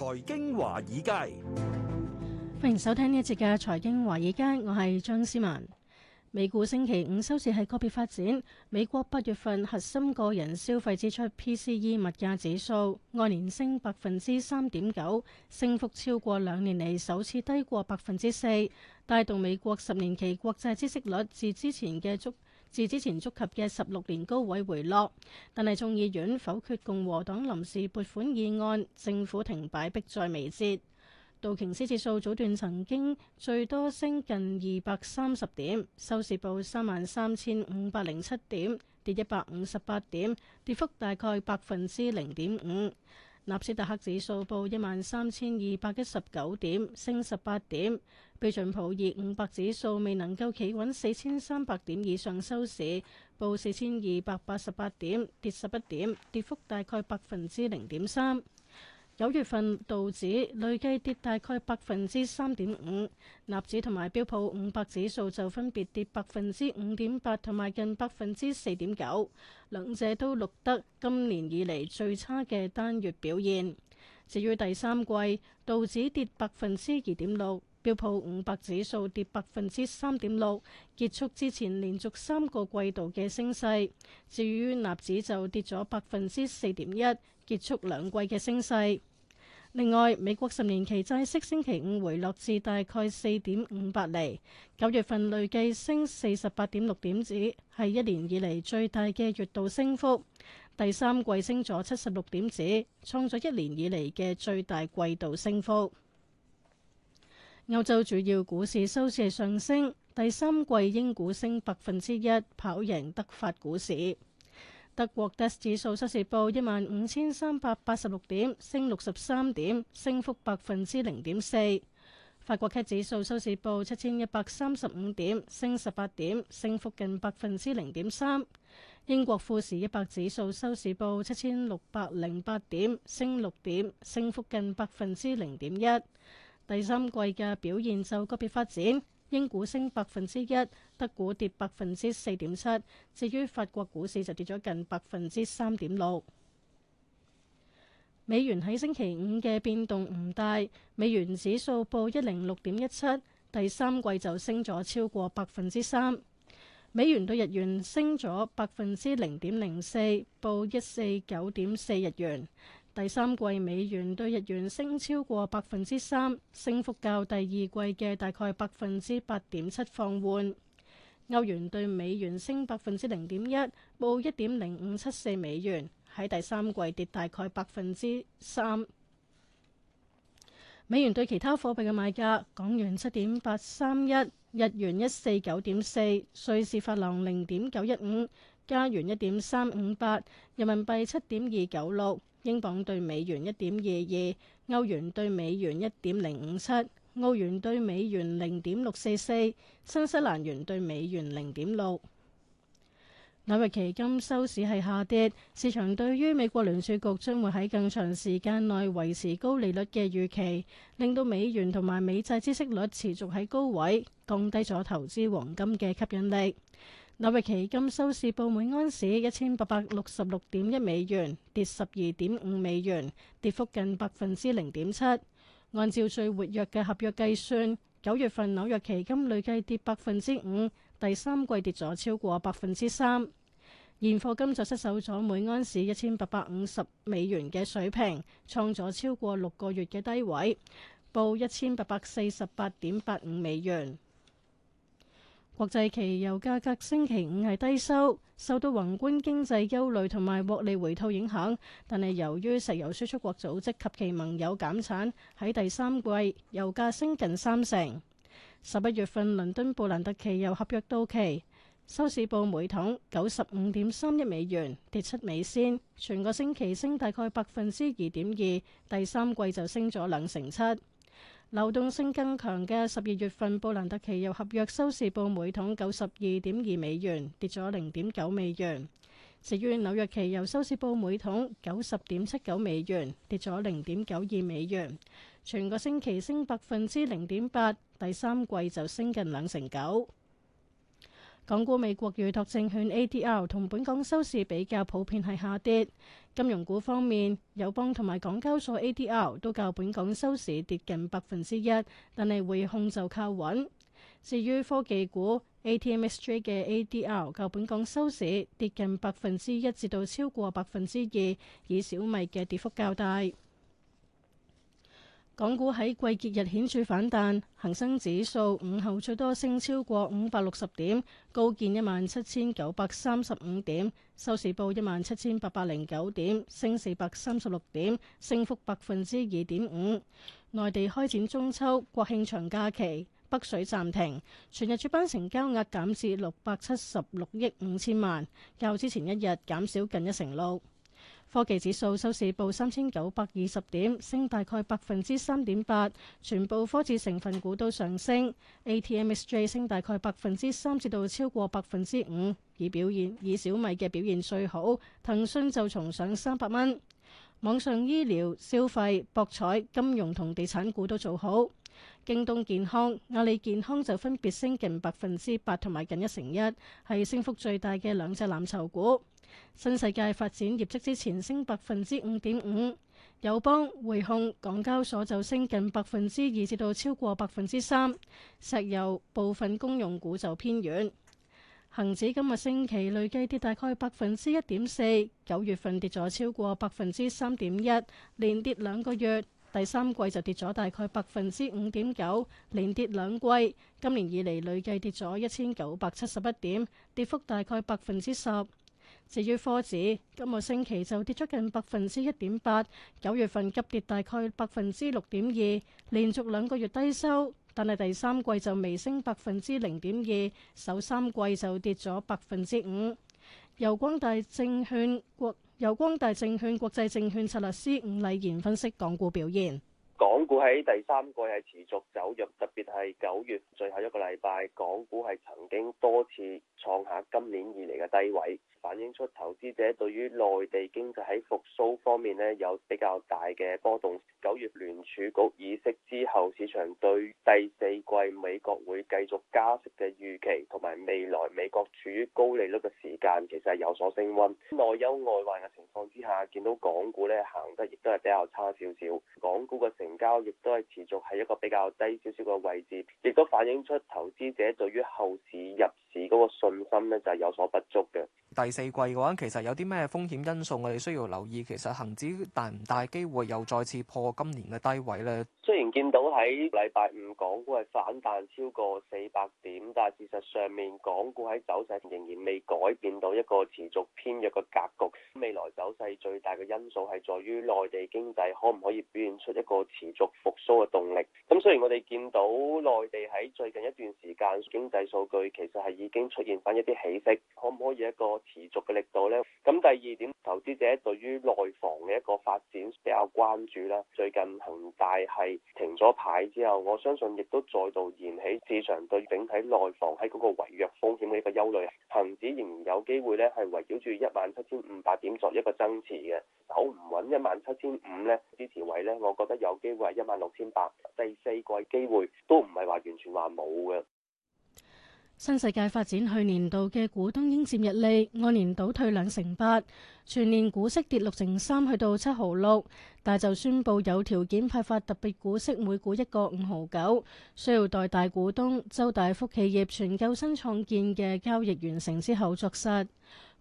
財經華爾街，歡迎收聽呢一節嘅財經華爾街，我係張思文。美股星期五收市係個別發展，美國八月份核心個人消費支出 （PCE） 物價指數按年升百分之三點九，升幅超過兩年嚟首次低過百分之四，帶動美國十年期國債孳息率至之前嘅足。自之前觸及嘅十六年高位回落，但係眾議院否決共和黨臨時撥款議案，政府停擺迫在眉睫。道瓊斯指數早段曾經最多升近二百三十點，收市報三萬三千五百零七點，跌一百五十八點，跌幅大概百分之零點五。納斯達克指數報一萬三千二百一十九點，升十八點。標準普爾五百指數未能夠企穩四千三百點以上，收市報四千二百八十八點，跌十一點，跌幅大概百分之零點三。九月份道指累計跌大概百分之三點五，納指同埋標普五百指數就分別跌百分之五點八同埋近百分之四點九，兩者都錄得今年以嚟最差嘅單月表現。至於第三季，道指跌百分之二點六，標普五百指數跌百分之三點六，結束之前連續三個季度嘅升勢。至於納指就跌咗百分之四點一，結束兩季嘅升勢。另外，美國十年期債息星期五回落至大概四點五八厘。九月份累計升四十八點六點子，係一年以嚟最大嘅月度升幅。第三季升咗七十六點子，創咗一年以嚟嘅最大季度升幅。歐洲主要股市收市上升，第三季英股升百分之一，跑贏德法股市。德國 DAX 指數收市報一萬五千三百八十六點，升六十三點，升幅百分之零點四。法國 CAC 指數收市報七千一百三十五點，升十八點，升幅近百分之零點三。英國富時一百指數收市報七千六百零八點，升六點，升幅近百分之零點一。第三季嘅表現就個別發展，英股升百分之一。德股跌百分之四點七，至於法國股市，就跌咗近百分之三點六。美元喺星期五嘅變動唔大，美元指數報一零六點一七，第三季就升咗超過百分之三。美元對日元升咗百分之零點零四，報一四九點四日元。第三季美元對日元升超過百分之三，升幅較第二季嘅大概百分之八點七放緩。歐元對美元升百分之零點一，報一點零五七四美元。喺第三季跌大概百分之三。美元對其他貨幣嘅賣價：港元七點八三一，日元一四九點四，瑞士法郎零點九一五，加元一點三五八，人民幣七點二九六，英鎊對美元一點二二，歐元對美元一點零五七。澳元兌美元零點六四四，新西蘭元兌美元零點六。紐約期金收市係下跌，市場對於美國聯儲局將會喺更長時間內維持高利率嘅預期，令到美元同埋美債孳息率持續喺高位，降低咗投資黃金嘅吸引力。紐約期金收市報每安士一千八百六十六點一美元，跌十二點五美元，跌幅近百分之零點七。按照最活躍嘅合約計算，九月份紐約期金累計跌百分之五，第三季跌咗超過百分之三。現貨金就失守咗每安士一千八百五十美元嘅水平，創咗超過六個月嘅低位，報一千八百四十八點八五美元。國際期油價格星期五係低收，受到宏觀經濟憂慮同埋獲利回吐影響。但係由於石油輸出國組織及其盟友減產，喺第三季油價升近三成。十一月份倫敦布蘭特期油合約到期，收市報每桶九十五點三一美元，跌七美仙，全個星期升大概百分之二點二，第三季就升咗兩成七。流動性更強嘅十二月份布蘭特期油合約收市報每桶九十二點二美元，跌咗零點九美元；至於紐約期油收市報每桶九十點七九美元，跌咗零點九二美元。全個星期升百分之零點八，第三季就升近兩成九。港股美國預託證券 A D R 同本港收市比較普遍係下跌。金融股方面，友邦同埋港交所 A D R 都較本港收市跌近百分之一，但係匯控就靠穩。至於科技股 A T M S J 嘅 A D R 較本港收市跌近百分之一至到超過百分之二，以小米嘅跌幅較大。港股喺季節日顯著反彈，恒生指數午後最多升超過五百六十點，高見一萬七千九百三十五點，收市報一萬七千八百零九點，升四百三十六點，升幅百分之二點五。內地開展中秋、國慶長假期，北水暫停，全日主板成交額減至六百七十六億五千萬，較之前一日減少近一成六。科技指數收市報三千九百二十點，升大概百分之三點八，全部科技成分股都上升。ATMXJ 升大概百分之三至到超過百分之五，以表現以小米嘅表現最好，騰訊就重上三百蚊。網上醫療、消費、博彩、金融同地產股都做好，京東健康、阿里健康就分別升近百分之八同埋近一成一，係升幅最大嘅兩隻藍籌股。新世界發展業績之前升百分之五點五，友邦匯控港交所就升近百分之二，至到超過百分之三。石油部分公用股就偏軟，恒指今日星期累計跌,跌大概百分之一點四，九月份跌咗超過百分之三點一，連跌兩個月。第三季就跌咗大概百分之五點九，連跌兩季。今年以嚟累計跌咗一千九百七十一點，跌幅大概百分之十。至於科指今個星期就跌出近百分之一點八，九月份急跌大概百分之六點二，連續兩個月低收，但係第三季就微升百分之零點二，首三季就跌咗百分之五。由光大證券國光大證券國際證券策略師伍禮賢分析港股表現，港股喺第三季係持續走弱，特別係九月最後一個禮拜，港股係曾經多次創下今年以嚟嘅低位。反映出投資者對於內地經濟喺復蘇方面呢，有比較大嘅波動。九月聯儲局議息之後，市場對第四季美國會繼續加息嘅預期，同埋未來美國處於高利率嘅時間，其實係有所升溫。內憂外患嘅情況之下，見到港股呢，行得亦都係比較差少少，港股嘅成交亦都係持續喺一個比較低少少嘅位置，亦都反映出投資者對於後市入市。個信心咧就係有所不足嘅。第四季嘅話，其實有啲咩風險因素我哋需要留意？其實恒指大唔大機會又再次破今年嘅低位咧？雖然見到喺禮拜五港股係反彈超過四百點，但係事實上面港股喺走勢仍然未改變到一個持續偏弱嘅格局。未來走勢最大嘅因素係在於內地經濟可唔可以表現出一個持續復甦嘅動力。咁雖然我哋見到內地喺最近一段時間經濟數據其實係已經出現返一啲起色，可唔可以一個持續嘅力度呢？咁第二點，投資者對於內房嘅一個發展比較關注啦。最近恒大係停咗牌之後，我相信亦都再度燃起市場對整體內房喺嗰個違約風險嘅一個憂慮，恒指仍然有機會咧係圍繞住一萬七千五百點作一個增持嘅，走唔穩一萬七千五咧支持位咧，我覺得有機會係一萬六千八，第四季機會都唔係話完全話冇嘅。新世界發展去年度嘅股東應佔溢利按年倒退兩成八，全年股息跌六成三，去到七毫六，但就宣布有條件派發特別股息，每股一個五毫九，需要待大股東周大福企業全購新創建嘅交易完成之後作實。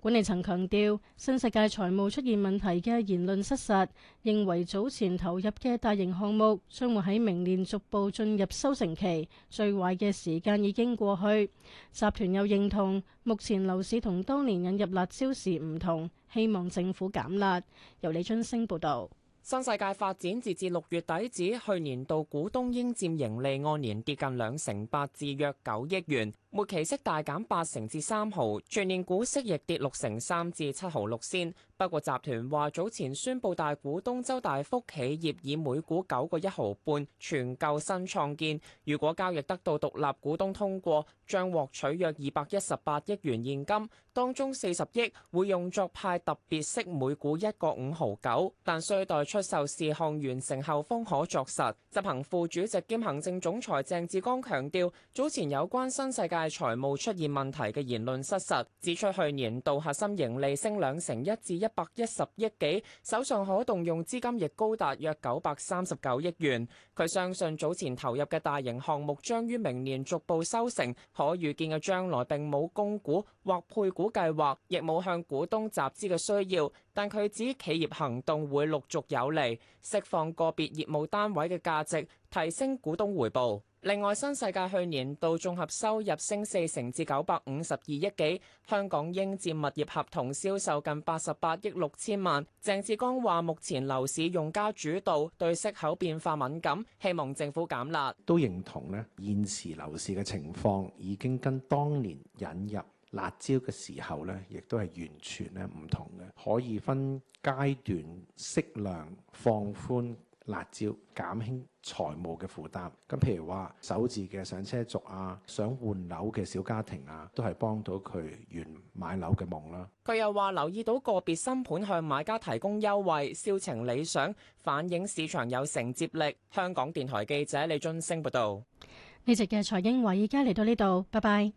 管理層強調新世界財務出現問題嘅言論失實，認為早前投入嘅大型項目將會喺明年逐步進入收成期，最壞嘅時間已經過去。集團又認同目前樓市同當年引入辣招時唔同，希望政府減辣。由李春升報道。新世界發展截至六月底止，去年度股東應佔盈利按年跌近兩成八，至約九億元。末期息大減八成至三毫，全年股息亦跌六成三至七毫六仙。不過集團話早前宣布大股東周大福企業以每股九個一毫半全購新創建，如果交易得到獨立股東通過，將獲取約二百一十八億元現金，當中四十億會用作派特別息每股一個五毫九，但需待出售事項完成後方可作實。執行副主席兼行政總裁鄭志剛強調，早前有關新世界。但財務出現問題嘅言論失實，指出去年度核心盈利升兩成一至一百一十億幾，手上可動用資金亦高達約九百三十九億元。佢相信早前投入嘅大型項目將於明年逐步收成，可預見嘅將來並冇供股或配股計劃，亦冇向股東集資嘅需要。但佢指企業行動會陸續有利，釋放個別業務單位嘅價值，提升股東回報。另外，新世界去年度綜合收入升四成至九百五十二億幾，香港應佔物業合同銷售近八十八億六千萬。鄭志剛話：目前樓市用家主導，對息口變化敏感，希望政府減辣。都認同咧，現時樓市嘅情況已經跟當年引入辣椒嘅時候呢，亦都係完全咧唔同嘅，可以分階段適量放寬。辣椒減輕財務嘅負擔，咁譬如話首置嘅上車族啊，想換樓嘅小家庭啊，都係幫到佢圓買樓嘅夢啦。佢又話留意到個別新盤向買家提供優惠，銷情理想，反映市場有承接力。香港電台記者李俊升報道：「呢集嘅財經華爾街，而家嚟到呢度，拜拜。